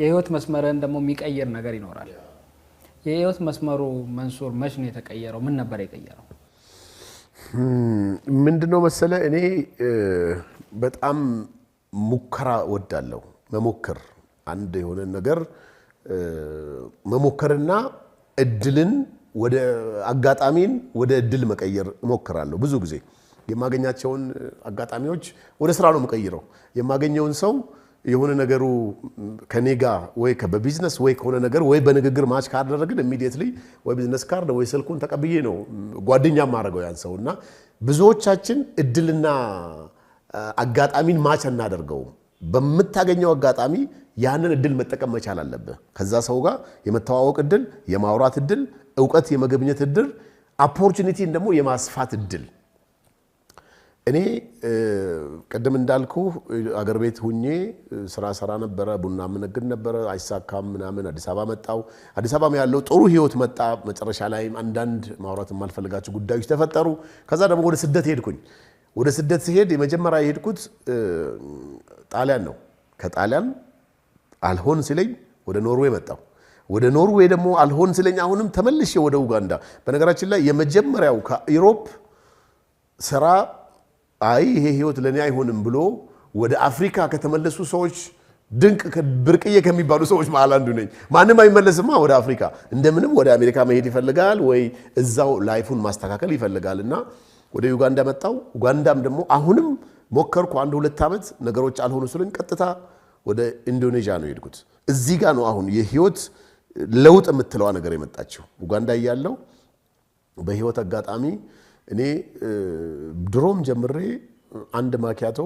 የህይወት መስመርህን ደግሞ የሚቀይር ነገር ይኖራል። የህይወት መስመሩ መንሱር መች ነው የተቀየረው? ምን ነበር የቀየረው? ምንድነው መሰለ፣ እኔ በጣም ሙከራ ወዳለሁ። መሞከር አንድ የሆነ ነገር መሞከርና እድልን ወደ አጋጣሚን ወደ እድል መቀየር እሞክራለሁ። ብዙ ጊዜ የማገኛቸውን አጋጣሚዎች ወደ ስራ ነው የምቀይረው። የማገኘውን ሰው የሆነ ነገሩ ከኔጋ ወይ በቢዝነስ ወይ ከሆነ ነገር ወይ በንግግር ማች ካደረግን ኢሚዲየትሊ ወይ ቢዝነስ ካርድ ወይ ስልኩን ተቀብዬ ነው ጓደኛ ማድረገው ያን ሰው እና ብዙዎቻችን እድልና አጋጣሚን ማች አናደርገውም። በምታገኘው አጋጣሚ ያንን እድል መጠቀም መቻል አለብህ። ከዛ ሰው ጋር የመተዋወቅ እድል፣ የማውራት እድል፣ እውቀት የመገብኘት እድል፣ አፖርቹኒቲን ደግሞ የማስፋት እድል እኔ ቅድም እንዳልኩ አገር ቤት ሁኜ ስራ ሰራ ነበረ። ቡና ምንግድ ነበረ፣ አይሳካም ምናምን። አዲስ አበባ መጣው። አዲስ አበባ ያለው ጥሩ ህይወት መጣ። መጨረሻ ላይ አንዳንድ ማውራት የማልፈልጋቸው ጉዳዮች ተፈጠሩ። ከዛ ደግሞ ወደ ስደት ሄድኩኝ። ወደ ስደት ሲሄድ የመጀመሪያ የሄድኩት ጣሊያን ነው። ከጣሊያን አልሆን ሲለኝ ወደ ኖርዌይ መጣው። ወደ ኖርዌይ ደግሞ አልሆን ሲለኝ አሁንም ተመልሼ ወደ ኡጋንዳ። በነገራችን ላይ የመጀመሪያው ከኢሮፕ ስራ አይ ይሄ ህይወት ለእኔ አይሆንም ብሎ ወደ አፍሪካ ከተመለሱ ሰዎች ድንቅ ብርቅዬ ከሚባሉ ሰዎች መሀል አንዱ ነኝ። ማንም አይመለስማ ወደ አፍሪካ። እንደምንም ወደ አሜሪካ መሄድ ይፈልጋል ወይ እዛው ላይፉን ማስተካከል ይፈልጋል እና ወደ ዩጋንዳ መጣው። ኡጋንዳም ደግሞ አሁንም ሞከርኩ አንድ ሁለት ዓመት ነገሮች አልሆኑ ስልን ቀጥታ ወደ ኢንዶኔዥያ ነው የሄድኩት። እዚህ ጋ ነው አሁን የህይወት ለውጥ የምትለዋ ነገር የመጣችው። ዩጋንዳ እያለው በህይወት አጋጣሚ እኔ ድሮም ጀምሬ አንድ ማኪያቶ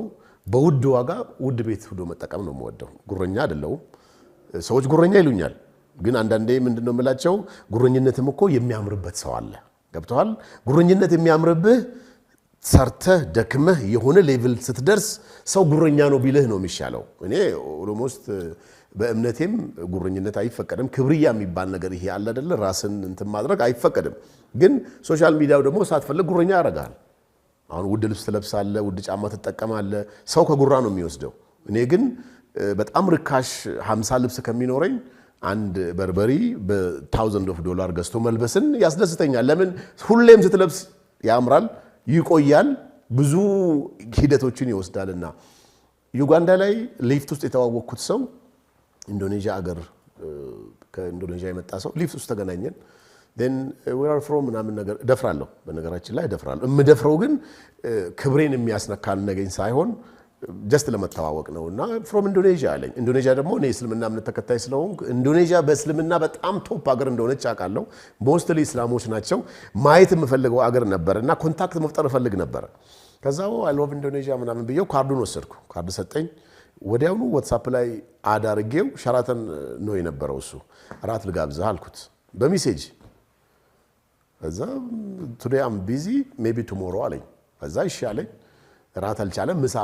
በውድ ዋጋ ውድ ቤት ሁዶ መጠቀም ነው የምወደው። ጉረኛ አይደለሁም። ሰዎች ጉረኛ ይሉኛል፣ ግን አንዳንዴ ምንድን ነው የምላቸው ጉረኝነትም እኮ የሚያምርበት ሰው አለ። ገብተዋል። ጉረኝነት የሚያምርብህ ሰርተህ ደክመህ የሆነ ሌቭል ስትደርስ ሰው ጉረኛ ነው ቢልህ ነው የሚሻለው። እኔ ኦልሞስት በእምነቴም ጉረኝነት አይፈቀድም። ክብርያ የሚባል ነገር ይሄ አለ አይደለ? ራስን እንትን ማድረግ አይፈቀድም። ግን ሶሻል ሚዲያው ደግሞ ሳትፈልግ ጉረኛ ያደርጋል። አሁን ውድ ልብስ ትለብሳለ፣ ውድ ጫማ ትጠቀማለ። ሰው ከጉራ ነው የሚወስደው። እኔ ግን በጣም ርካሽ ሀምሳ ልብስ ከሚኖረኝ አንድ በርበሪ በታውዘንድ ኦፍ ዶላር ገዝቶ መልበስን ያስደስተኛል። ለምን ሁሌም ስትለብስ ያምራል፣ ይቆያል፣ ብዙ ሂደቶችን ይወስዳልና ዩጋንዳ ላይ ሊፍት ውስጥ የተዋወቅኩት ሰው ኢንዶኔዥያ አገር ከኢንዶኔዥያ የመጣ ሰው ሊፍት ውስጥ ተገናኘን። ዌር ፍሮ ምናምን ነገር እደፍራለሁ። በነገራችን ላይ እደፍራለሁ። የምደፍረው ግን ክብሬን የሚያስነካ ነገኝ ሳይሆን ጀስት ለመተዋወቅ ነው። እና ፍሮም ኢንዶኔዥያ አለኝ። ኢንዶኔዥያ ደግሞ እኔ እስልምና እምነት ተከታይ ስለሆንኩ ኢንዶኔዥያ በእስልምና በጣም ቶፕ አገር እንደሆነች አውቃለሁ። ሞስትሊ እስላሞች ናቸው። ማየት የምፈልገው አገር ነበር እና ኮንታክት መፍጠር እፈልግ ነበረ። ከዛ አይ ሎቭ ኢንዶኔዥያ ምናምን ብዬው ካርዱን ወሰድኩ። ካርድ ሰጠኝ። ወዲያውኑ ዋትሳፕ ላይ አዳርጌው ሸራተን ነው የነበረው እሱ እራት ልጋብዝህ አልኩት በሜሴጅ እዛ ቱዴ አም ቢዚ ሜቢ ቱሞሮ አለኝ። እዛ እሺ ራት አልቻለም። ምሳ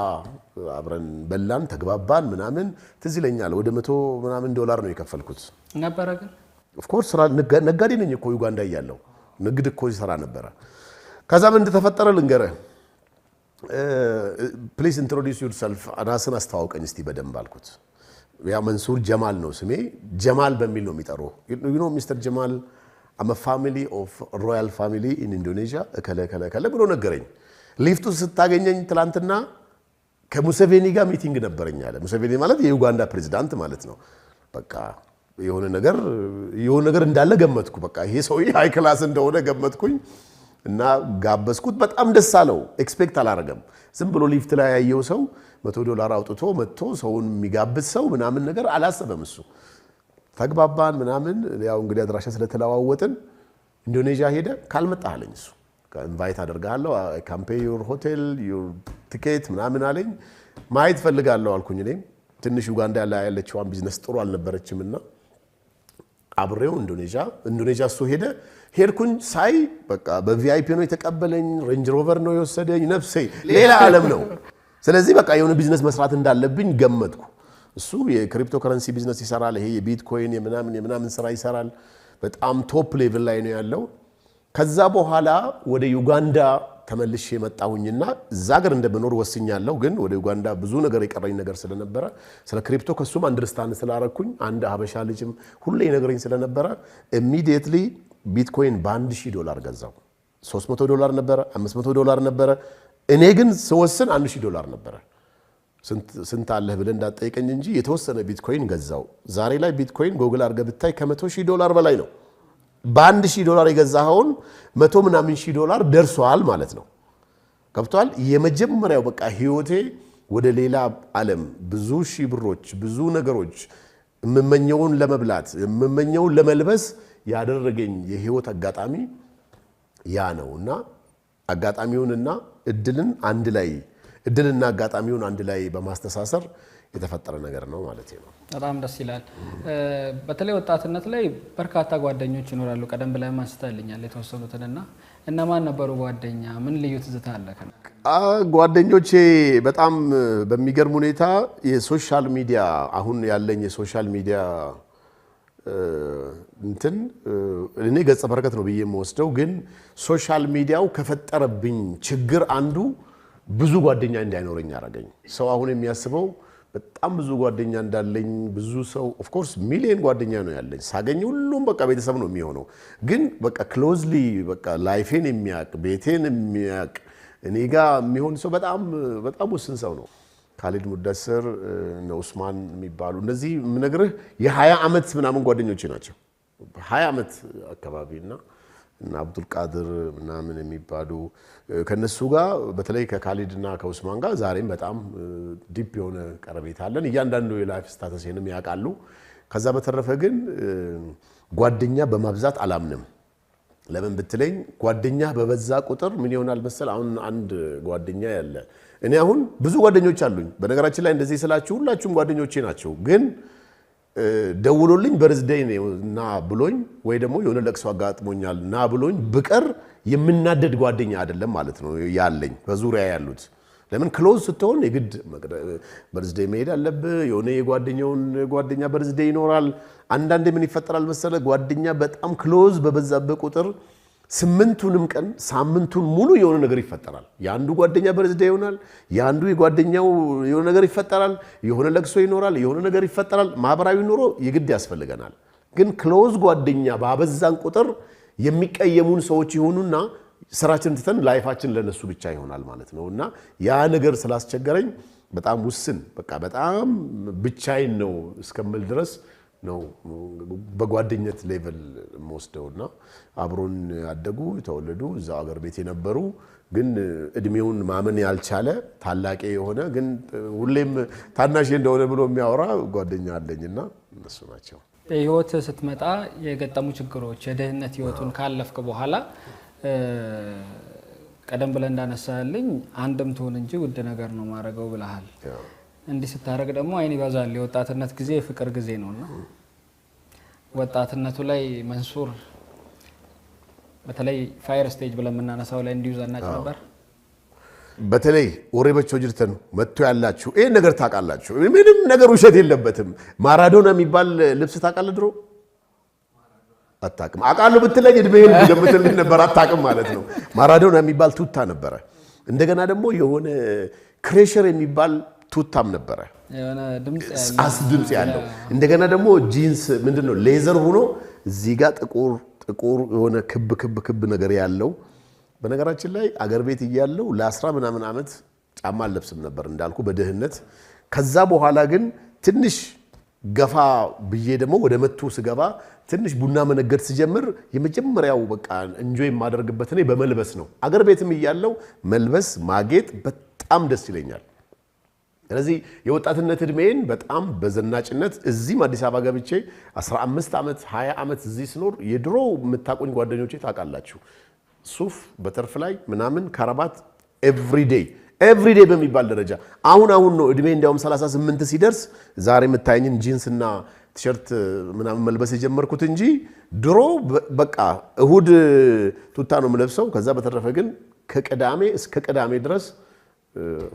አብረን በላን፣ ተግባባን ምናምን ትዝ ይለኛል። ወደ መቶ ምናምን ዶላር ነው የከፈልኩት ነበረ። ግን ኦፍኮርስ ነጋዴ ነኝ እኮ ዩጋንዳ እያለሁ ንግድ እኮ ይሰራ ነበረ። ከዛ ምን እንደተፈጠረ ልንገርህ ፕሊዝ ኢንትሮዲውስ ዩር ሰልፍ ራስን አስተዋውቀኝ እስቲ በደንብ አልኩት። ያ መንሱር ጀማል ነው ስሜ። ጀማል በሚል ነው የሚጠሩ ዩኖ ሚስተር ጀማል አመ ፋሚሊ ኦፍ ሮያል ፋሚሊ ኢን ኢንዶኔዥያ እከለ እከለ እከለ ብሎ ነገረኝ። ሊፍቱ ስታገኘኝ ትላንትና ከሙሴቬኒ ጋር ሚቲንግ ነበረኝ አለ። ሙሴቬኒ ማለት የዩጋንዳ ፕሬዚዳንት ማለት ነው። በቃ የሆነ ነገር የሆነ ነገር እንዳለ ገመትኩ። በቃ ይሄ ሰውዬ ሃይ ክላስ እንደሆነ ገመትኩኝ። እና ጋበዝኩት። በጣም ደስ አለው። ኤክስፔክት አላረገም። ዝም ብሎ ሊፍት ላይ ያየው ሰው መቶ ዶላር አውጥቶ መጥቶ ሰውን የሚጋብዝ ሰው ምናምን ነገር አላሰበም እሱ። ተግባባን ምናምን። ያው እንግዲህ አድራሻ ስለተለዋወጥን ኢንዶኔዥያ ሄደ። ካልመጣ አለኝ እሱ ኢንቫይት አደርጋለሁ ካምፔ ዩር ሆቴል ዩር ቲኬት ምናምን አለኝ። ማየት ፈልጋለሁ አልኩኝ። እኔም ትንሽ ዩጋንዳ ላይ ያለችዋን ቢዝነስ ጥሩ አልነበረችም እና አብሬው ኢንዶኔዥያ ኢንዶኔዥያ እሱ ሄደ ሄድኩኝ ሳይ በቃ በቪአይፒ ነው የተቀበለኝ። ሬንጅ ሮቨር ነው የወሰደኝ። ነፍሴ ሌላ ዓለም ነው። ስለዚህ በቃ የሆነ ቢዝነስ መስራት እንዳለብኝ ገመትኩ። እሱ የክሪፕቶ ከረንሲ ቢዝነስ ይሰራል። ይሄ የቢትኮይን የምናምን የምናምን ስራ ይሰራል። በጣም ቶፕ ሌቭል ላይ ነው ያለው። ከዛ በኋላ ወደ ዩጋንዳ ተመልሼ የመጣሁኝና እዛ ገር እንደምኖር ወስኛለሁ። ግን ወደ ዩጋንዳ ብዙ ነገር የቀረኝ ነገር ስለነበረ ስለ ክሪፕቶ ከሱም አንድርስታንድ ስላረኩኝ አንድ ሀበሻ ልጅም ሁሌ ነገረኝ ስለነበረ ኢሚዲየትሊ ቢትኮይን በአንድ ሺህ ዶላር ገዛው። 300 ዶላር ነበረ፣ 500 ዶላር ነበረ። እኔ ግን ስወስን አንድ ሺህ ዶላር ነበረ። ስንት አለህ ብለህ እንዳጠይቀኝ እንጂ የተወሰነ ቢትኮይን ገዛው። ዛሬ ላይ ቢትኮይን ጎግል አድርገህ ብታይ ከመቶ ሺህ ዶላር በላይ ነው። በአንድ ሺህ ዶላር የገዛኸውን መቶ ምናምን ሺህ ዶላር ደርሷል ማለት ነው። ገብቷል። የመጀመሪያው በቃ ህይወቴ ወደ ሌላ ዓለም ብዙ ሺህ ብሮች፣ ብዙ ነገሮች፣ የምመኘውን ለመብላት የምመኘውን ለመልበስ ያደረገኝ የህይወት አጋጣሚ ያ ነው እና አጋጣሚውንና እድልን አንድ ላይ እድልና አጋጣሚውን አንድ ላይ በማስተሳሰር የተፈጠረ ነገር ነው ማለት ነው። በጣም ደስ ይላል። በተለይ ወጣትነት ላይ በርካታ ጓደኞች ይኖራሉ። ቀደም ብላ ማንስታልኛል የተወሰኑትንና እነማን ነበሩ ጓደኛ? ምን ልዩ ትዝታ አለ? ጓደኞቼ በጣም በሚገርም ሁኔታ የሶሻል ሚዲያ አሁን ያለኝ የሶሻል ሚዲያ እንትን እኔ ገጸ በረከት ነው ብዬ የምወስደው ግን ሶሻል ሚዲያው ከፈጠረብኝ ችግር አንዱ ብዙ ጓደኛ እንዳይኖረኝ አረገኝ። ሰው አሁን የሚያስበው በጣም ብዙ ጓደኛ እንዳለኝ ብዙ ሰው ኦፍኮርስ ሚሊየን ጓደኛ ነው ያለኝ። ሳገኝ ሁሉም በቃ ቤተሰብ ነው የሚሆነው። ግን በቃ ክሎዝሊ በቃ ላይፌን የሚያውቅ ቤቴን የሚያውቅ እኔ ጋ የሚሆን ሰው በጣም በጣም ውስን ሰው ነው። ካሊድ ሙደስር ነኡስማን የሚባሉ እነዚህ ምነግርህ የ20 ዓመት ምናምን ጓደኞች ናቸው። 20 ዓመት አካባቢ እና እና አብዱልቃድር ምናምን የሚባሉ ከነሱ ጋር በተለይ ከካሊድ እና ከኡስማን ጋር ዛሬም በጣም ዲፕ የሆነ ቀረቤታ አለን። እያንዳንዱ የላይፍ ስታተሴንም ያውቃሉ። ከዛ በተረፈ ግን ጓደኛ በማብዛት አላምንም። ለምን ብትለኝ ጓደኛ በበዛ ቁጥር ምን ይሆናል መሰል፣ አሁን አንድ ጓደኛ ያለ እኔ አሁን ብዙ ጓደኞች አሉኝ። በነገራችን ላይ እንደዚህ ስላችሁ ሁላችሁም ጓደኞቼ ናቸው። ግን ደውሎልኝ በርዝደይ ና ብሎኝ ወይ ደግሞ የሆነ ለቅሶ አጋጥሞኛል ና ብሎኝ ብቀር የምናደድ ጓደኛ አይደለም ማለት ነው ያለኝ በዙሪያ ያሉት ለምን ክሎዝ ስትሆን የግድ በርዝዴ መሄድ አለብህ። የሆነ የጓደኛውን ጓደኛ በርዝዴ ይኖራል። አንዳንዴ ምን ይፈጠራል መሰለ ጓደኛ በጣም ክሎዝ በበዛበት ቁጥር ስምንቱንም ቀን ሳምንቱን ሙሉ የሆነ ነገር ይፈጠራል። የአንዱ ጓደኛ በርዝዴ ይሆናል። የአንዱ የጓደኛው የሆነ ነገር ይፈጠራል። የሆነ ለቅሶ ይኖራል። የሆነ ነገር ይፈጠራል። ማህበራዊ ኑሮ የግድ ያስፈልገናል። ግን ክሎዝ ጓደኛ ባበዛን ቁጥር የሚቀየሙን ሰዎች ይሆኑና ስራችን ትተን ላይፋችን ለነሱ ብቻ ይሆናል ማለት ነው እና ያ ነገር ስላስቸገረኝ በጣም ውስን በቃ በጣም ብቻዬን ነው እስከምል ድረስ ነው በጓደኝነት ሌቨል የምወስደውና አብሮን ያደጉ የተወለዱ እዛው አገር ቤት የነበሩ ግን እድሜውን ማመን ያልቻለ ታላቄ የሆነ ግን ሁሌም ታናሽ እንደሆነ ብሎ የሚያወራ ጓደኛ አለኝና እነሱ ናቸው። ህይወት ስትመጣ የገጠሙ ችግሮች የድህነት ህይወቱን ካለፍክ በኋላ ቀደም ብለህ እንዳነሳልኝ አንድም ትሆን እንጂ ውድ ነገር ነው ማድረገው ብለሃል። እንዲህ ስታደረግ ደግሞ አይን ይበዛል። የወጣትነት ጊዜ የፍቅር ጊዜ እና ወጣትነቱ ላይ መንሱር በተለይ ፋየር ስቴጅ ብለን የምናነሳው ላይ እንዲሁ ዘናጭ ነበር። በተለይ ኦሬበቾ ጅርተን መጥቶ ያላችሁ ይህን ነገር ታውቃላችሁ። ምንም ነገር ውሸት የለበትም። ማራዶና የሚባል ልብስ ታውቃለህ ድሮ አታቅም አቃሉ ብትለኝ እድሜን ገምትልኝ ነበር። አታቅም ማለት ነው። ማራዶና የሚባል ቱታ ነበረ። እንደገና ደግሞ የሆነ ክሬሸር የሚባል ቱታም ነበረ፣ ድምፅ ያለው እንደገና ደግሞ ጂንስ ምንድን ነው ሌዘር ሆኖ እዚህ ጋር ጥቁር ጥቁር የሆነ ክብ ክብ ክብ ነገር ያለው። በነገራችን ላይ አገር ቤት እያለው ለአስራ ምናምን ዓመት ጫማ አልለብስም ነበር እንዳልኩ በድህነት። ከዛ በኋላ ግን ትንሽ ገፋ ብዬ ደግሞ ወደ መቱ ስገባ ትንሽ ቡና መነገድ ስጀምር የመጀመሪያው በቃ እንጆ የማደርግበት እኔ በመልበስ ነው። አገር ቤትም እያለው መልበስ ማጌጥ በጣም ደስ ይለኛል። ስለዚህ የወጣትነት እድሜን በጣም በዘናጭነት እዚህም አዲስ አበባ ገብቼ 15 ዓመት 20 ዓመት እዚህ ስኖር የድሮ የምታቆኝ ጓደኞቼ ታውቃላችሁ፣ ሱፍ በተርፍ ላይ ምናምን ከረባት ኤቭሪዴይ ኤቭሪዴይ በሚባል ደረጃ አሁን አሁን ነው እድሜ እንዲያውም 38 ሲደርስ ዛሬ የምታየኝን ጂንስና ቲሸርት ምናምን መልበስ የጀመርኩት እንጂ ድሮ በቃ እሁድ ቱታ ነው የምለብሰው። ከዛ በተረፈ ግን ከቅዳሜ እስከ ቅዳሜ ድረስ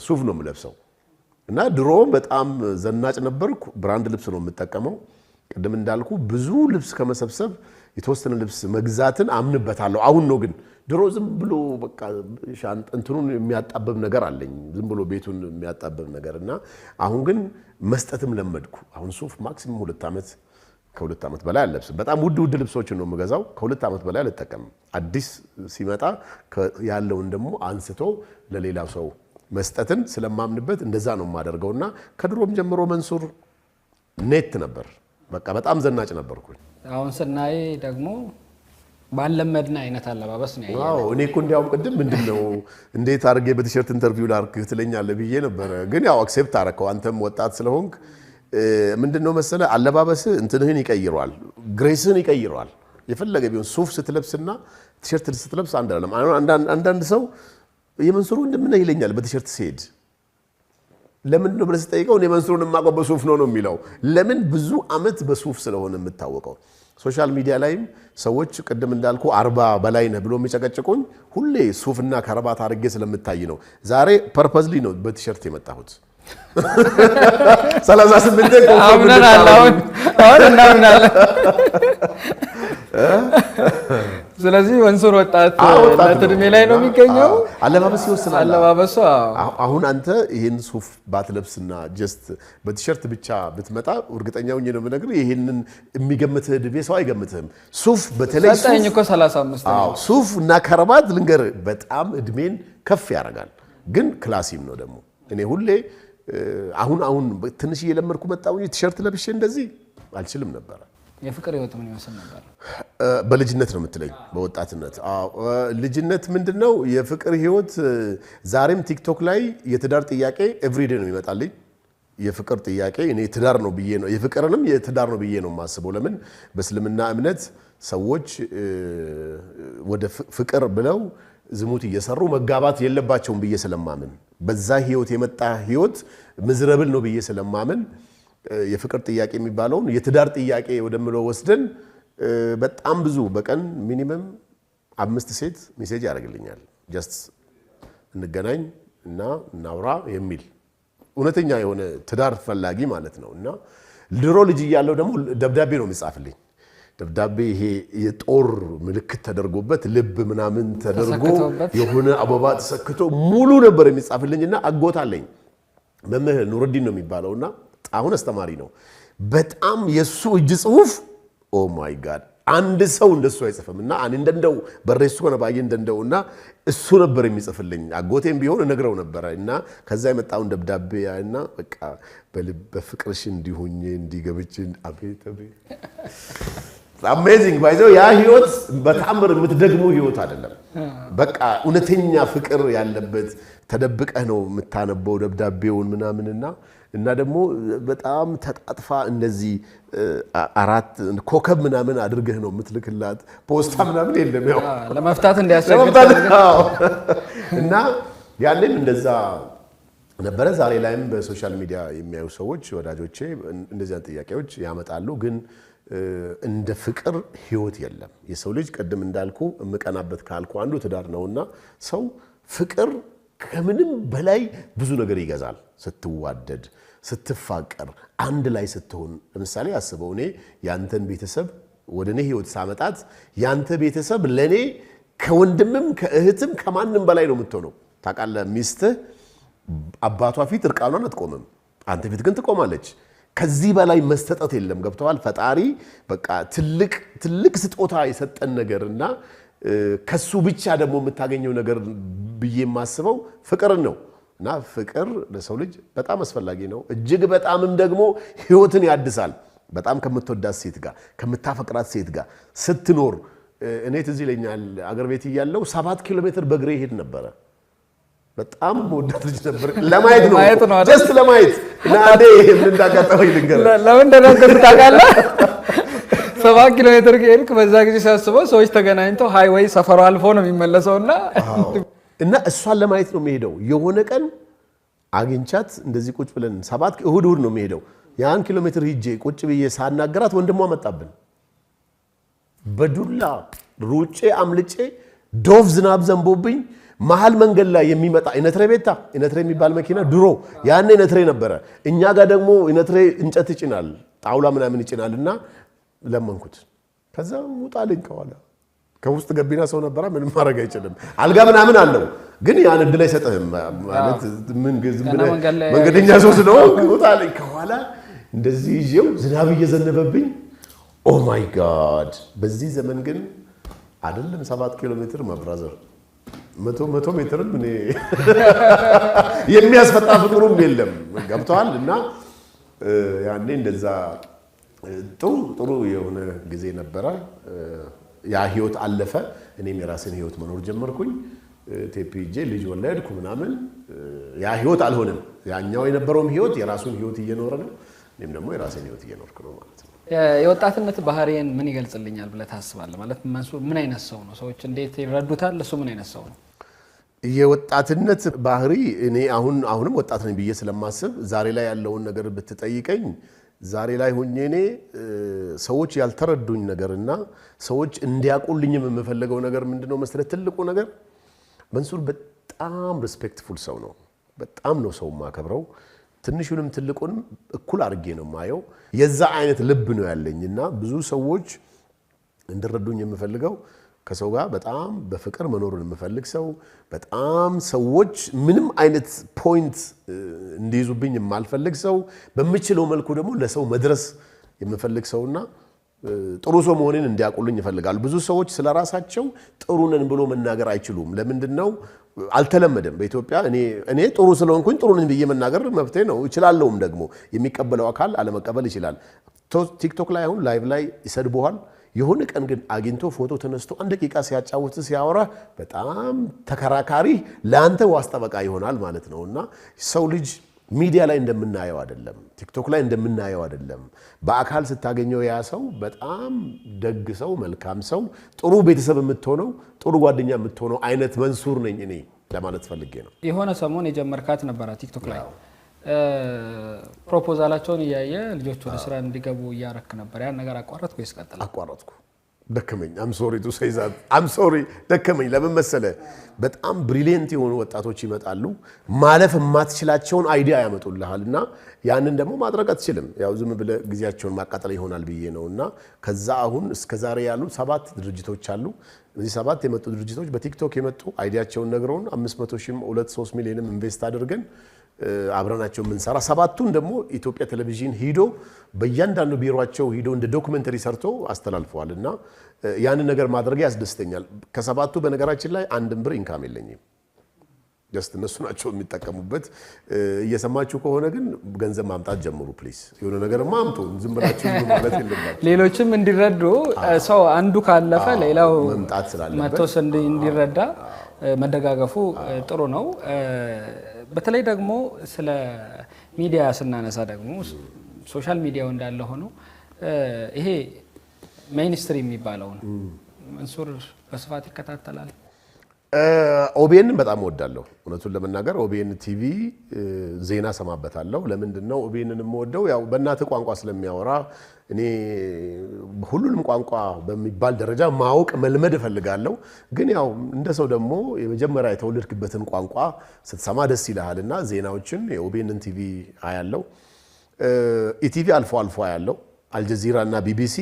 ሱፍ ነው የምለብሰው እና ድሮ በጣም ዘናጭ ነበርኩ። ብራንድ ልብስ ነው የምጠቀመው። ቅድም እንዳልኩ ብዙ ልብስ ከመሰብሰብ የተወሰነ ልብስ መግዛትን አምንበታለሁ። አሁን ነው ግን ድሮ ዝም ብሎ በቃ እንትኑን የሚያጣብብ ነገር አለኝ፣ ዝም ብሎ ቤቱን የሚያጣብብ ነገር እና አሁን ግን መስጠትም ለመድኩ። አሁን ሱፍ ማክሲሙም ሁለት ዓመት ከሁለት ዓመት በላይ አለብስም። በጣም ውድ ውድ ልብሶችን ነው የምገዛው። ከሁለት ዓመት በላይ አልጠቀምም። አዲስ ሲመጣ ያለውን ደግሞ አንስቶ ለሌላው ሰው መስጠትን ስለማምንበት እንደዛ ነው የማደርገው እና ከድሮም ጀምሮ መንሱር ኔት ነበር። በቃ በጣም ዘናጭ ነበርኩኝ። አሁን ስናይ ደግሞ ባለመድን አይነት አለባበስ ነው። እኔ እኮ እንዲያውም ቅድም ምንድን ነው እንዴት አድርጌ በቲሸርት ኢንተርቪው ላርክ ትለኛለ ብዬ ነበረ፣ ግን ያው አክሴፕት አረከው። አንተም ወጣት ስለሆንክ ምንድን ነው መሰለ አለባበስ እንትንህን ይቀይረዋል፣ ግሬስህን ይቀይረዋል። የፈለገ ቢሆን ሱፍ ስትለብስና ቲሸርት ስትለብስ አንድ አለም። አንዳንድ ሰው የመንሱሩ እንደምን ይለኛል በቲሸርት ሲሄድ ለምን ነው ብለህ ስጠይቀው እኔ መንሱሩን የማውቀው በሱፍ ነው ነው የሚለው። ለምን ብዙ አመት በሱፍ ስለሆነ የምታወቀው ሶሻል ሚዲያ ላይም ሰዎች ቅድም እንዳልኩ አርባ በላይ ነህ ብሎ የሚጨቀጭቁኝ ሁሌ ሱፍና ከረባት አድርጌ ስለምታይ ነው። ዛሬ ፐርፐዝሊ ነው በቲሸርት የመጣሁት። ሰላሳ ስምንት አምነናል። አሁን እናምናለን። ስለዚህ መንሱር ወጣትነት እድሜ ላይ ነው የሚገኘው። አለባበስ ይወስናል። አለባበሱ አሁን አንተ ይህን ሱፍ ባትለብስና ጀስት በቲሸርት ብቻ ብትመጣ እርግጠኛ ሆኜ ነው የምነግርህ፣ ይህንን የሚገምትህ ዕድሜ ሰው አይገምትህም። ሱፍ በተለይ ሱፍ እና ከረባት ልንገርህ፣ በጣም እድሜን ከፍ ያደርጋል፣ ግን ክላሲም ነው ደግሞ እኔ ሁሌ አሁን አሁን ትንሽ እየለመድኩ መጣሁ እንጂ ቲሸርት ለብሼ እንደዚህ አልችልም ነበረ። የፍቅር ህይወት ምን ይመስል ነበር? በልጅነት ነው የምትለኝ? በወጣትነት ልጅነት ምንድን ነው የፍቅር ህይወት? ዛሬም ቲክቶክ ላይ የትዳር ጥያቄ ኤቭሪዴ ነው የሚመጣልኝ የፍቅር ጥያቄ እኔ ትዳር ነው ብዬ ነው የፍቅርንም የትዳር ነው ብዬ ነው የማስበው። ለምን በእስልምና እምነት ሰዎች ወደ ፍቅር ብለው ዝሙት እየሰሩ መጋባት የለባቸውም ብዬ ስለማምን በዛ ህይወት የመጣ ህይወት ምዝረብል ነው ብዬ ስለማምን የፍቅር ጥያቄ የሚባለውን የትዳር ጥያቄ ወደምለው ወስደን በጣም ብዙ በቀን ሚኒመም አምስት ሴት ሜሴጅ ያደርግልኛል። ጀስት እንገናኝ እና እናውራ የሚል እውነተኛ የሆነ ትዳር ፈላጊ ማለት ነው። እና ድሮ ልጅ እያለው ደግሞ ደብዳቤ ነው የሚጻፍልኝ ደብዳቤ ይሄ የጦር ምልክት ተደርጎበት ልብ ምናምን ተደርጎ የሆነ አበባ ተሰክቶ ሙሉ ነበር የሚጻፍልኝና አጎታለኝ መምህር ኑረዲን ነው የሚባለውና አሁን አስተማሪ ነው። በጣም የእሱ እጅ ጽሁፍ ኦ ማይ ጋድ አንድ ሰው እንደሱ አይጽፍም። እና እንደንደው በሬሱ ሆነ ባየ እንደንደው እና እሱ ነበር የሚጽፍልኝ። አጎቴም ቢሆን እነግረው ነበረ እና ከዛ የመጣውን ደብዳቤ እና በቃ በፍቅርሽ እንዲሆኜ እንዲገብችን አቤት አቤት አሜዚንግ ባይዘው ያ ህይወት በታምር የምትደግሙ ህይወት አይደለም። በቃ እውነተኛ ፍቅር ያለበት ተደብቀህ ነው የምታነበው ደብዳቤውን ምናምንና እና ደግሞ በጣም ተጣጥፋ እንደዚህ አራት ኮከብ ምናምን አድርገህ ነው የምትልክላት። ፖስታ ምናምን የለም ያው ለመፍታት እንዲያስቸግር እና ያንም እንደዛ ነበረ። ዛሬ ላይም በሶሻል ሚዲያ የሚያዩ ሰዎች ወዳጆቼ እንደዚያን ጥያቄዎች ያመጣሉ ግን እንደ ፍቅር ህይወት የለም። የሰው ልጅ ቅድም እንዳልኩ የምቀናበት ካልኩ አንዱ ትዳር ነውና ሰው ፍቅር ከምንም በላይ ብዙ ነገር ይገዛል። ስትዋደድ፣ ስትፋቀር፣ አንድ ላይ ስትሆን ለምሳሌ አስበው እኔ ያንተን ቤተሰብ ወደ እኔ ህይወት ሳመጣት ያንተ ቤተሰብ ለእኔ ከወንድምም ከእህትም ከማንም በላይ ነው የምትሆነው። ታውቃለህ፣ ሚስትህ አባቷ ፊት እርቃኗን አትቆምም፣ አንተ ፊት ግን ትቆማለች። ከዚህ በላይ መሰጠት የለም። ገብተዋል። ፈጣሪ በቃ ትልቅ ትልቅ ስጦታ የሰጠን ነገር እና ከሱ ብቻ ደግሞ የምታገኘው ነገር ብዬ የማስበው ፍቅርን ነው እና ፍቅር ለሰው ልጅ በጣም አስፈላጊ ነው። እጅግ በጣምም ደግሞ ህይወትን ያድሳል። በጣም ከምትወዳት ሴት ጋር ከምታፈቅራት ሴት ጋር ስትኖር እኔ ትዝ ይለኛል አገር ቤት እያለሁ ሰባት ኪሎ ሜትር በእግሬ ይሄድ ነበረ በጣም መወዳት ልጅ ነበር። ለማየት ነው ጀስት ለማየት እና አዴ ምን እንዳጋጠመኝ ለምን እንደነገርኩህ ታውቃለህ? ሰባ ኪሎ ሜትር ከሄድክ በዛ ጊዜ ሲያስበው ሰዎች ተገናኝተው ሃይወይ ሰፈሩ አልፎ ነው የሚመለሰው እና እና እሷን ለማየት ነው የሚሄደው። የሆነ ቀን አግኝቻት እንደዚህ ቁጭ ብለን ሰባት እሁድ እሁድ ነው የሚሄደው። የአንድ ኪሎ ሜትር ሂጄ ቁጭ ብዬ ሳናገራት ወንድሟ መጣብን። በዱላ ሩጬ አምልጬ ዶፍ ዝናብ ዘንቦብኝ መሀል መንገድ ላይ የሚመጣ ኢነትሬ ቤታ ኢነትሬ የሚባል መኪና ድሮ ያኔ ኢነትሬ ነበረ። እኛ ጋር ደግሞ ኢነትሬ እንጨት ይጭናል፣ ጣውላ ምናምን ይጭናል። እና ለመንኩት። ከዛ ውጣ ልኝ ከኋላ ከውስጥ ገቢና ሰው ነበራ። ምንም ማድረግ አይችልም። አልጋ ምናምን አለው፣ ግን ያን እድል አይሰጥህም። መንገደኛ ሰው ስለሆንክ ውጣ ልኝ ከኋላ እንደዚህ ይዤው ዝናብ እየዘነበብኝ ኦ ማይ ጋድ። በዚህ ዘመን ግን አይደለም ሰባት ኪሎ ሜትር መብራዘር መቶ መቶ ሜትርም እኔ የሚያስፈጣ ፍቅሩም የለም ገብተዋል። እና ያኔ እንደዛ ጥሩ ጥሩ የሆነ ጊዜ ነበረ። ያ ህይወት አለፈ። እኔም የራሴን ህይወት መኖር ጀመርኩኝ። ቴፒ ልጅ ወለድኩ ምናምን። ያ ህይወት አልሆነም። ያኛው የነበረውም ህይወት የራሱን ህይወት እየኖረ ነው። እኔም ደግሞ የራሴን ህይወት እየኖርኩ ነው ማለት ነው። የወጣትነት ባህሪን ምን ይገልጽልኛል ብለህ ታስባለህ? ማለት መንሱር ምን አይነት ሰው ነው? ሰዎች እንዴት ይረዱታል? እሱ ምን አይነት ሰው ነው? የወጣትነት ባህሪ እኔ አሁን አሁንም ወጣት ነኝ ብዬ ስለማስብ ዛሬ ላይ ያለውን ነገር ብትጠይቀኝ ዛሬ ላይ ሆኜ እኔ ሰዎች ያልተረዱኝ ነገርና ሰዎች እንዲያውቁልኝም የምፈልገው ነገር ምንድነው መሰለህ? ትልቁ ነገር መንሱር በጣም ሪስፔክትፉል ሰው ነው። በጣም ነው ሰው ማከብረው ትንሹንም ትልቁንም እኩል አድርጌ ነው የማየው። የዛ አይነት ልብ ነው ያለኝ እና ብዙ ሰዎች እንድረዱኝ የምፈልገው ከሰው ጋር በጣም በፍቅር መኖሩን የምፈልግ ሰው፣ በጣም ሰዎች ምንም አይነት ፖይንት እንዲይዙብኝ የማልፈልግ ሰው፣ በምችለው መልኩ ደግሞ ለሰው መድረስ የምፈልግ ሰውና ጥሩ ሰው መሆኔን እንዲያውቁልኝ ይፈልጋሉ። ብዙ ሰዎች ስለ ራሳቸው ጥሩ ነን ብሎ መናገር አይችሉም። ለምንድን ነው? አልተለመደም። በኢትዮጵያ እኔ ጥሩ ስለሆንኩኝ ጥሩ ነኝ ብዬ መናገር መብቴ ነው፣ እችላለሁም። ደግሞ የሚቀበለው አካል አለመቀበል ይችላል። ቲክቶክ ላይ አሁን ላይቭ ላይ ይሰድብሃል። የሆነ ቀን ግን አግኝቶ ፎቶ ተነስቶ አንድ ደቂቃ ሲያጫውት ሲያወራ በጣም ተከራካሪ ለአንተ ዋስጠበቃ ይሆናል ማለት ነው እና ሰው ልጅ ሚዲያ ላይ እንደምናየው አይደለም፣ ቲክቶክ ላይ እንደምናየው አይደለም። በአካል ስታገኘው ያ ሰው በጣም ደግ ሰው፣ መልካም ሰው፣ ጥሩ ቤተሰብ የምትሆነው ጥሩ ጓደኛ የምትሆነው አይነት መንሱር ነኝ እኔ ለማለት ፈልጌ ነው። የሆነ ሰሞን የጀመርካት ነበረ ቲክቶክ ላይ ፕሮፖዛላቸውን እያየ ልጆች ወደ ስራ እንዲገቡ እያረክ ነበር። ያን ነገር አቋረጥኩ ወይስ አቋረጥኩ። ደከመኝ ሶሪ ቱ አም ሶሪ ደከመኝ። ለምን መሰለ በጣም ብሪሊየንት የሆኑ ወጣቶች ይመጣሉ። ማለፍ የማትችላቸውን አይዲያ ያመጡልሃል እና ያንን ደግሞ ማድረግ አትችልም። ያው ዝም ብለህ ጊዜያቸውን ማቃጠል ይሆናል ብዬ ነው እና ከዛ አሁን እስከ ዛሬ ያሉ ሰባት ድርጅቶች አሉ። እነዚህ ሰባት የመጡ ድርጅቶች በቲክቶክ የመጡ አይዲያቸውን ነግረውን አምስት መቶ ሺህም ሁለት ሶስት ሚሊዮንም ኢንቨስት አድርገን አብረናቸው የምንሰራ ሰባቱን ደግሞ ኢትዮጵያ ቴሌቪዥን ሂዶ በእያንዳንዱ ቢሮቸው ሂዶ እንደ ዶክመንተሪ ሰርቶ አስተላልፈዋል እና ያንን ነገር ማድረግ ያስደስተኛል። ከሰባቱ በነገራችን ላይ አንድም ብር ኢንካም የለኝም። ጀስት እነሱ ናቸው የሚጠቀሙበት። እየሰማችሁ ከሆነ ግን ገንዘብ ማምጣት ጀምሩ ፕሊስ። የሆነ ነገር ማምጡ ዝም ብላችሁ ማለት የለባችሁ። ሌሎችም እንዲረዱ ሰው አንዱ ካለፈ ሌላው መምጣት ስላለበት መቶስ እንዲረዳ መደጋገፉ ጥሩ ነው። በተለይ ደግሞ ስለ ሚዲያ ስናነሳ ደግሞ ሶሻል ሚዲያው እንዳለ ሆኖ ይሄ ሜይንስትሪም የሚባለውን መንሱር በስፋት ይከታተላል። ኦቤንን በጣም እወዳለሁ። እውነቱን ለመናገር ኦቤን ቲቪ ዜና ሰማበታለሁ። ለምንድን ነው ኦቤንን የምወደው? ያው በእናትህ ቋንቋ ስለሚያወራ እኔ ሁሉንም ቋንቋ በሚባል ደረጃ ማወቅ መልመድ እፈልጋለሁ። ግን ያው እንደ ሰው ደግሞ የመጀመሪያ የተወለድክበትን ቋንቋ ስትሰማ ደስ ይልሃል እና ዜናዎችን የኦቤንን ቲቪ አያለው። ኢቲቪ አልፎ አልፎ አያለው አልጀዚራ እና ቢቢሲ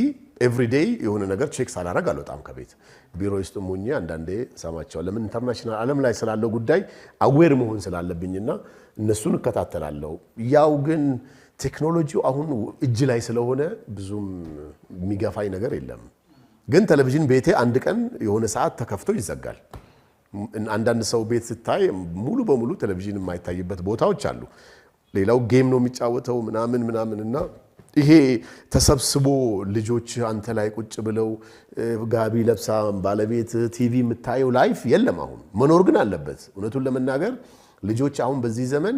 ኤቭሪዴይ የሆነ ነገር ቼክ ሳላረግ አልወጣም ከቤት ቢሮ ውስጥ ሞኜ አንዳንዴ ሰማቸው። ለምን ኢንተርናሽናል ዓለም ላይ ስላለው ጉዳይ አዌር መሆን ስላለብኝና እነሱን እከታተላለሁ። ያው ግን ቴክኖሎጂው አሁን እጅ ላይ ስለሆነ ብዙም የሚገፋኝ ነገር የለም። ግን ቴሌቪዥን ቤቴ አንድ ቀን የሆነ ሰዓት ተከፍቶ ይዘጋል። አንዳንድ ሰው ቤት ስታይ ሙሉ በሙሉ ቴሌቪዥን የማይታይበት ቦታዎች አሉ። ሌላው ጌም ነው የሚጫወተው ምናምን ምናምን እና ይሄ ተሰብስቦ ልጆች አንተ ላይ ቁጭ ብለው ጋቢ ለብሳ ባለቤት ቲቪ የምታየው ላይፍ የለም። አሁን መኖር ግን አለበት። እውነቱን ለመናገር ልጆች አሁን በዚህ ዘመን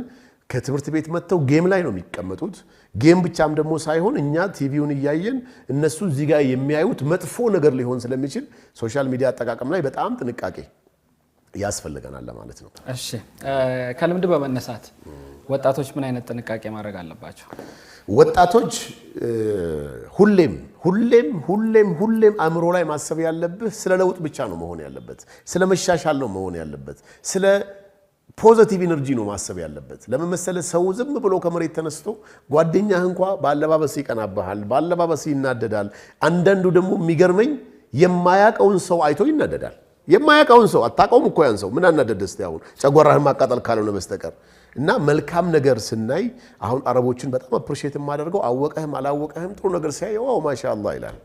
ከትምህርት ቤት መጥተው ጌም ላይ ነው የሚቀመጡት። ጌም ብቻም ደግሞ ሳይሆን እኛ ቲቪውን እያየን እነሱ እዚህ ጋር የሚያዩት መጥፎ ነገር ሊሆን ስለሚችል ሶሻል ሚዲያ አጠቃቀም ላይ በጣም ጥንቃቄ ያስፈልገናል ለማለት ነው። እሺ ከልምድ በመነሳት ወጣቶች ምን አይነት ጥንቃቄ ማድረግ አለባቸው? ወጣቶች ሁሌም ሁሌም ሁሌም ሁሌም አእምሮ ላይ ማሰብ ያለብህ ስለ ለውጥ ብቻ ነው መሆን ያለበት። ስለ መሻሻል ነው መሆን ያለበት። ስለ ፖዘቲቭ ኢነርጂ ነው ማሰብ ያለበት። ለምን መሰለህ? ሰው ዝም ብሎ ከመሬት ተነስቶ ጓደኛህ እንኳ በአለባበስ ይቀናብሃል፣ በአለባበስ ይናደዳል። አንዳንዱ ደግሞ የሚገርመኝ የማያውቀውን ሰው አይቶ ይናደዳል። የማያውቀውን ሰው አታውቀውም እኮ ያን ሰው ምን አናደደ እስቲ አሁን ጨጓራህን ማቃጠል ካልሆነ በስተቀር እና መልካም ነገር ስናይ አሁን አረቦችን በጣም አፕሪሼት የማደርገው አወቀህም አላወቀህም ጥሩ ነገር ሲያይ ዋው ማሻላ ይላል።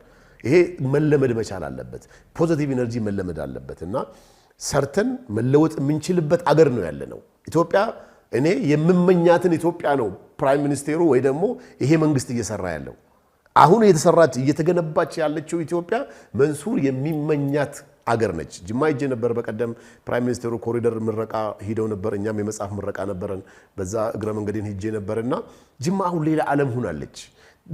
ይሄ መለመድ መቻል አለበት። ፖዘቲቭ ኢነርጂ መለመድ አለበት እና ሰርተን መለወጥ የምንችልበት አገር ነው ያለ ነው ኢትዮጵያ። እኔ የምመኛትን ኢትዮጵያ ነው ፕራይም ሚኒስቴሩ ወይ ደግሞ ይሄ መንግስት እየሰራ ያለው አሁን እየተሰራች እየተገነባች ያለችው ኢትዮጵያ መንሱር የሚመኛት አገር ነች። ጅማ ሄጄ ነበር በቀደም ፕራይም ሚኒስትሩ ኮሪደር ምረቃ ሂደው ነበር። እኛም የመጽሐፍ ምረቃ ነበረን። በዛ እግረ መንገዴን ሄጄ ነበር እና ጅማ አሁን ሌላ ዓለም ሆናለች።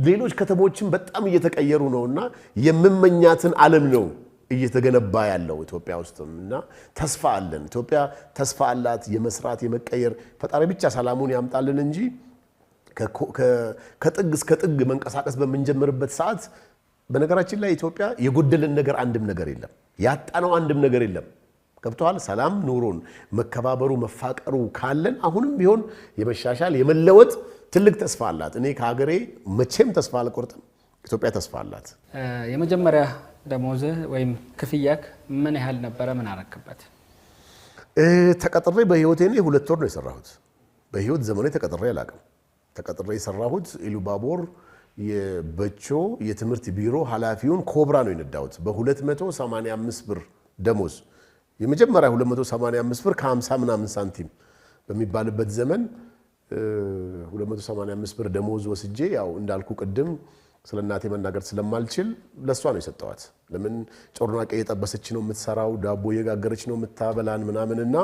ሌሎች ከተሞችም በጣም እየተቀየሩ ነው እና የምመኛትን ዓለም ነው እየተገነባ ያለው ኢትዮጵያ ውስጥም እና ተስፋ አለን። ኢትዮጵያ ተስፋ አላት የመስራት የመቀየር። ፈጣሪ ብቻ ሰላሙን ያምጣልን እንጂ ከጥግ እስከ ጥግ መንቀሳቀስ በምንጀምርበት ሰዓት በነገራችን ላይ ኢትዮጵያ የጎደለን ነገር አንድም ነገር የለም። ያጣነው አንድም ነገር የለም። ገብተዋል። ሰላም ኑሮን፣ መከባበሩ፣ መፋቀሩ ካለን አሁንም ቢሆን የመሻሻል የመለወጥ ትልቅ ተስፋ አላት። እኔ ከሀገሬ መቼም ተስፋ አልቆርጥም። ኢትዮጵያ ተስፋ አላት። የመጀመሪያ ደሞዝህ ወይም ክፍያክ ምን ያህል ነበረ? ምን አረክበት? ተቀጥሬ በህይወቴ እኔ ሁለት ወር ነው የሰራሁት። በህይወት ዘመኔ ተቀጥሬ አላቅም። ተቀጥሬ የሰራሁት ኢሉባቦር የበቾ የትምህርት ቢሮ ኃላፊውን ኮብራ ነው የነዳሁት በ285 ብር ደሞዝ የመጀመሪያ 285 ብር ከ50 ምናምን ሳንቲም በሚባልበት ዘመን 285 ብር ደሞዝ ወስጄ ያው እንዳልኩ ቅድም ስለ እናቴ መናገር ስለማልችል ለእሷ ነው የሰጠዋት። ለምን ጮርና ጮርናቄ የጠበሰች ነው የምትሰራው፣ ዳቦ የጋገረች ነው የምታበላን ምናምንና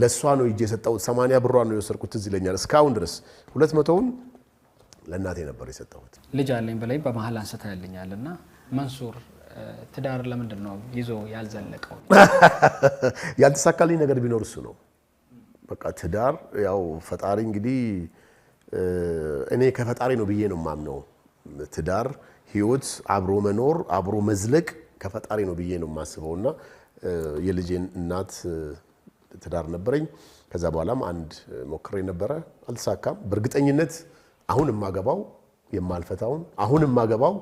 ለእሷ ነው እጄ የሰጠሁት። 80 ብሯ ነው የወሰድኩት። ትዝ ይለኛል እስካሁን ድረስ 200ውን ለእናቴ ነበር የሰጠሁት። ልጅ አለኝ በላይ በመሀል አንስታ ያለኛል እና መንሱር ትዳር ለምንድን ነው ይዞ ያልዘለቀው? ያልተሳካልኝ ነገር ቢኖር እሱ ነው። በቃ ትዳር ያው ፈጣሪ እንግዲህ እኔ ከፈጣሪ ነው ብዬ ነው የማምነው። ትዳር ህይወት፣ አብሮ መኖር፣ አብሮ መዝለቅ ከፈጣሪ ነው ብዬ ነው የማስበው እና የልጄን እናት ትዳር ነበረኝ። ከዛ በኋላም አንድ ሞክሬ ነበረ፣ አልተሳካም በእርግጠኝነት አሁን የማገባው የማልፈታውን አሁን የማገባው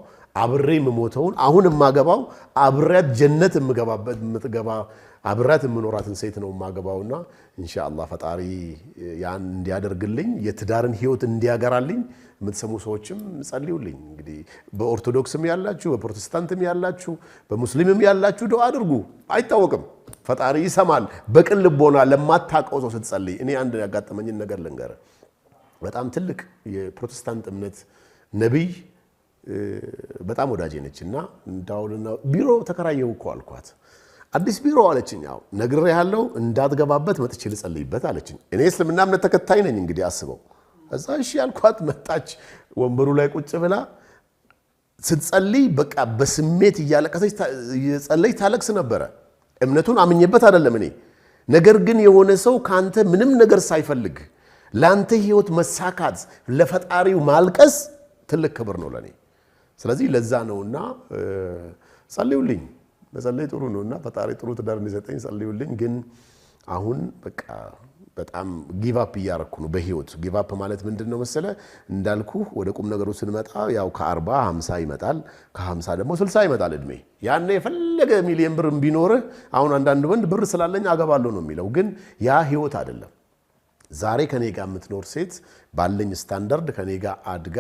አብሬ የምሞተውን አሁን የማገባው አብሬያት ጀነት የምገባበት የምትገባ አብራት የምኖራትን ሴት ነው የማገባውና እንሻላ ፈጣሪ ያን እንዲያደርግልኝ የትዳርን ህይወት እንዲያገራልኝ የምትሰሙ ሰዎችም ጸልዩልኝ። እንግዲህ በኦርቶዶክስም ያላችሁ፣ በፕሮቴስታንትም ያላችሁ፣ በሙስሊምም ያላችሁ ደ አድርጉ። አይታወቅም፣ ፈጣሪ ይሰማል። በቅን ልቦና ለማታውቀው ሰው ስትጸልይ እኔ አንድ ያጋጠመኝን ነገር ልንገር በጣም ትልቅ የፕሮቴስታንት እምነት ነቢይ በጣም ወዳጄ ነች እና እንዳውልና ቢሮ ተከራየው እኮ አልኳት። አዲስ ቢሮ አለችኝ። ያው ነግሬ ያለው እንዳትገባበት መጥቼ ልጸልይበት አለችኝ። እኔ እስልምና እምነት ተከታይ ነኝ እንግዲህ አስበው። እዛ እሺ ያልኳት መጣች፣ ወንበሩ ላይ ቁጭ ብላ ስትጸልይ በቃ በስሜት እያለቀሰች እየጸለች ታለቅስ ነበረ። እምነቱን አምኜበት አይደለም እኔ ነገር ግን የሆነ ሰው ከአንተ ምንም ነገር ሳይፈልግ ለአንተ ህይወት መሳካት ለፈጣሪው ማልቀስ ትልቅ ክብር ነው ለእኔ። ስለዚህ ለዛ ነውና ጸልዩልኝ። መጸለይ ጥሩ ነውና ፈጣሪ ጥሩ ትዳር እንዲሰጠኝ ጸልዩልኝ። ግን አሁን በቃ በጣም ጊቫፕ እያረኩ ነው በህይወት። ጊቫፕ ማለት ምንድን ነው መሰለ እንዳልኩ ወደ ቁም ነገሩ ስንመጣ ያው ከአርባ ሀምሳ ይመጣል ከሀምሳ ደግሞ ስልሳ ይመጣል እድሜ። ያኔ የፈለገ ሚሊየን ብር ቢኖርህ አሁን አንዳንድ ወንድ ብር ስላለኝ አገባለሁ ነው የሚለው። ግን ያ ህይወት አይደለም። ዛሬ ከኔ ጋር የምትኖር ሴት ባለኝ ስታንዳርድ ከኔ ጋር አድጋ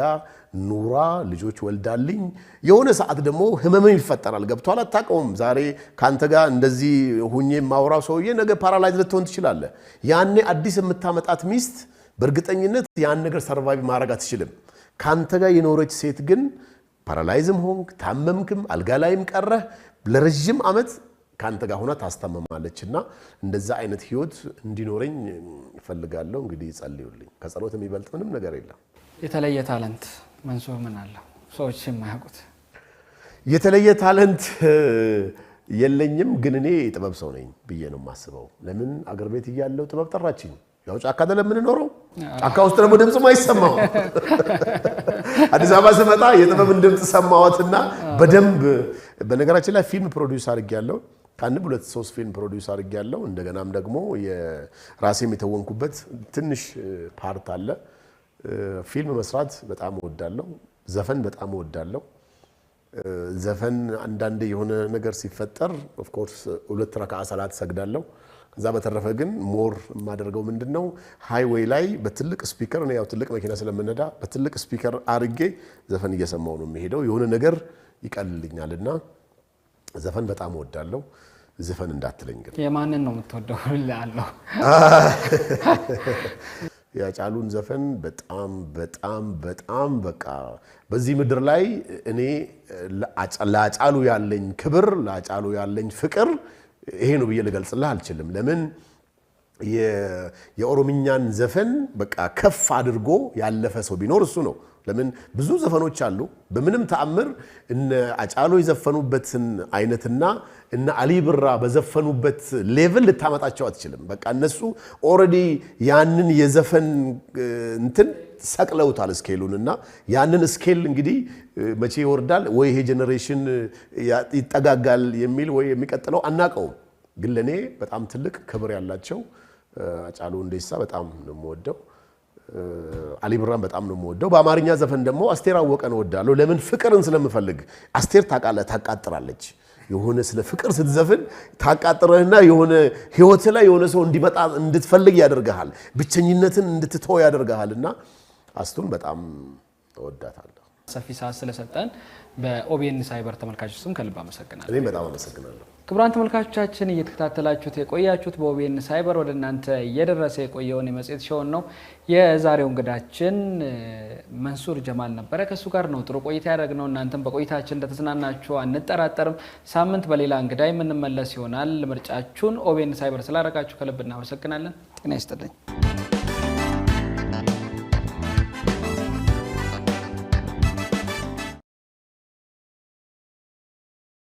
ኑራ ልጆች ወልዳልኝ፣ የሆነ ሰዓት ደግሞ ህመምም ይፈጠራል። ገብቷል። አታውቀውም። ዛሬ ከአንተ ጋር እንደዚህ ሁኜ የማውራው ሰውዬ ነገ ፓራላይዝ ልትሆን ትችላለህ። ያኔ አዲስ የምታመጣት ሚስት በእርግጠኝነት ያን ነገር ሰርቫይቭ ማድረግ አትችልም። ከአንተ ጋር የኖረች ሴት ግን ፓራላይዝም ሆንክ ታመምክም አልጋ ላይም ቀረህ ለረዥም ዓመት ከአንተ ጋር ሆና ታስታመማለች እና እንደዛ አይነት ህይወት እንዲኖረኝ እፈልጋለሁ። እንግዲህ ጸልዩልኝ። ከጸሎት የሚበልጥ ምንም ነገር የለም። የተለየ ታለንት መንሱር ምን አለው ሰዎች የማያውቁት? የተለየ ታለንት የለኝም፣ ግን እኔ ጥበብ ሰው ነኝ ብዬ ነው የማስበው። ለምን አገር ቤት እያለው ጥበብ ጠራችኝ። ያው ጫካ አይደለም የምንኖረው፣ ጫካ ውስጥ ደግሞ ድምፅም አይሰማው። አዲስ አበባ ስመጣ የጥበብን ድምፅ ሰማዋትና በደንብ በነገራችን ላይ ፊልም ፕሮዲውስ አድርጌያለሁ። ከአንድም ሁለት ሶስት ፊልም ፕሮዲውስ ያለው እንደገናም ደግሞ ራሴም የተወንኩበት ትንሽ ፓርት አለ። ፊልም መስራት በጣም እወዳለሁ። ዘፈን በጣም እወዳለሁ። ዘፈን አንዳንድ የሆነ ነገር ሲፈጠር ኦፍኮርስ ሁለት ረካ ሰላት ሰግዳለሁ። ከዛ በተረፈ ግን ሞር የማደርገው ምንድን ነው ሃይዌይ ላይ በትልቅ ስፒከር ያው ትልቅ መኪና ስለምነዳ በትልቅ ስፒከር አርጌ ዘፈን እየሰማው ነው የሚሄደው። የሆነ ነገር ይቀልልኛል እና ዘፈን በጣም እወዳለሁ። ዝፈን እንዳትለኝ ግን የማንን ነው የምትወደው? አለው ያጫሉን ዘፈን በጣም በጣም በጣም በቃ በዚህ ምድር ላይ እኔ ለአጫሉ ያለኝ ክብር፣ ለአጫሉ ያለኝ ፍቅር ይሄ ነው ብዬ ልገልጽልህ አልችልም። ለምን የኦሮምኛን ዘፈን በቃ ከፍ አድርጎ ያለፈ ሰው ቢኖር እሱ ነው። ለምን ብዙ ዘፈኖች አሉ። በምንም ተአምር እነ አጫሎ የዘፈኑበትን አይነትና እነ አሊ ብራ በዘፈኑበት ሌቭል ልታመጣቸው አትችልም። በቃ እነሱ ኦልሬዲ ያንን የዘፈን እንትን ሰቅለውታል እስኬሉን እና ያንን እስኬል እንግዲህ መቼ ይወርዳል ወይ ይሄ ጄኔሬሽን ይጠጋጋል የሚል ወይ የሚቀጥለው አናቀውም። ግን ለእኔ በጣም ትልቅ ክብር ያላቸው አጫሉ ሁንዴሳ በጣም ነው የምወደው። አሊብራን በጣም ነው የምወደው። በአማርኛ ዘፈን ደግሞ አስቴር አወቀን እወዳለሁ። ለምን ፍቅርን ስለምፈልግ። አስቴር ታቃለ ታቃጥራለች። የሆነ ስለ ፍቅር ስትዘፍን ታቃጥረህና የሆነ ህይወት ላይ የሆነ ሰው እንዲመጣ እንድትፈልግ ያደርግሃል። ብቸኝነትን እንድትተው ያደርግሃል። እና አስቱን በጣም እወዳታለሁ። ሰፊ ሰዓት ስለሰጠን በኦቤን ሳይበር ተመልካች ስም ከልብ አመሰግናለሁ። እኔም በጣም አመሰግናለሁ። ክቡራን ተመልካቾቻችን እየተከታተላችሁት የቆያችሁት በኦቤን ሳይበር ወደ እናንተ እየደረሰ የቆየውን የመጽሔት ሾውን ነው። የዛሬው እንግዳችን መንሱር ጀማል ነበረ። ከእሱ ጋር ነው ጥሩ ቆይታ ያደረግነው። እናንተም በቆይታችን እንደተዝናናችሁ አንጠራጠርም። ሳምንት በሌላ እንግዳ የምንመለስ ይሆናል። ምርጫችሁን ኦቤን ሳይበር ስላደረጋችሁ ከልብ እናመሰግናለን። ጤና ይስጥልኝ።